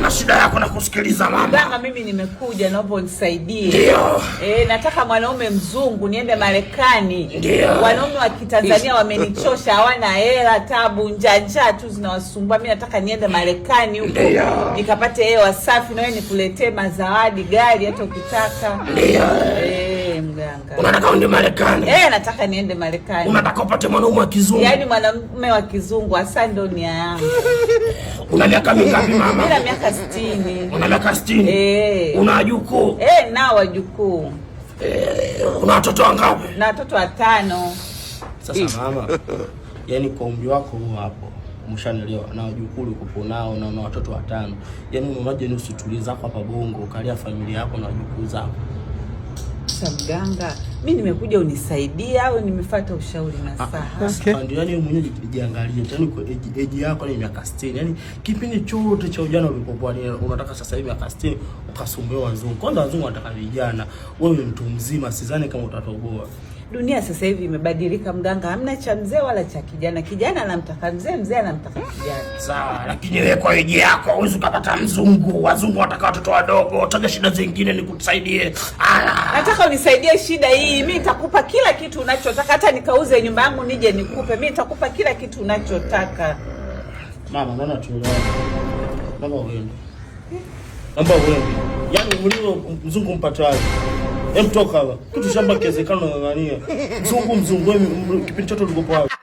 na shida yako na kusikiliza mama. Mganga, mimi nimekuja naomba unisaidie. Ndio. Eh, nataka mwanaume mzungu niende Marekani. Ndio. Wanaume wa Kitanzania wamenichosha, hawana hela, tabu, njanja tu zinawasumbua. Mimi nataka niende Marekani huko nikapate hewa safi na wewe nikuletee mazawadi, gari hata ukitaka. Ndio. Eh. Unataka uende Marekani? Eh, nataka niende Marekani. Unataka upate mwanaume wa kizungu? Yaani mwanaume wa kizungu hasa ndio nia yangu. Una miaka mingapi mama? Mimi na miaka 60. Una miaka 60? Eh. Una wajukuu? Eh, na wajukuu. Eh, una watoto wangapi? Na watoto watano. Sasa mama, yaani kwa umri wako huo hapo mshanelewa na wajukuu kupo nao na una watoto watano, yaani unaje nusu tuliza hapa Bongo ukalia familia yako na wajukuu zako Mganga, mi nimekuja unisaidia au nimefuata ushauri nasaha? Ah, Ndio, yani mwenyewe jiangalie tani age yako ni miaka 60, yani kipindi chote cha ujana ulipokuwa unataka sasa hivi miaka 60 ukasumbua wazungu. Kwanza wazungu wanataka vijana, wewe mtu mzima, sidhani kama utatoboa. Dunia sasa hivi imebadilika, mganga, hamna cha mzee wala cha kijana. Kijana anamtaka mzee, mzee anamtaka kijana. Sawa, lakini wewe kwa wiji yako huwezi ukapata mzungu. Wazungu wataka watoto wadogo. Utaja shida zingine nikusaidie. Ah. Nataka unisaidie shida hii, mi nitakupa kila kitu unachotaka. Hata nikauze nyumba yangu nije nikupe, mi nitakupa kila kitu unachotaka. Mama, naona tuelewane. Mama, wewe ambao wewe Yaani mlio mzungu mpataje? Hem, toka hapa kitu shamba kiwezekano na nani? mzungu mzungu, wewe kipindi chote ulikopo hapo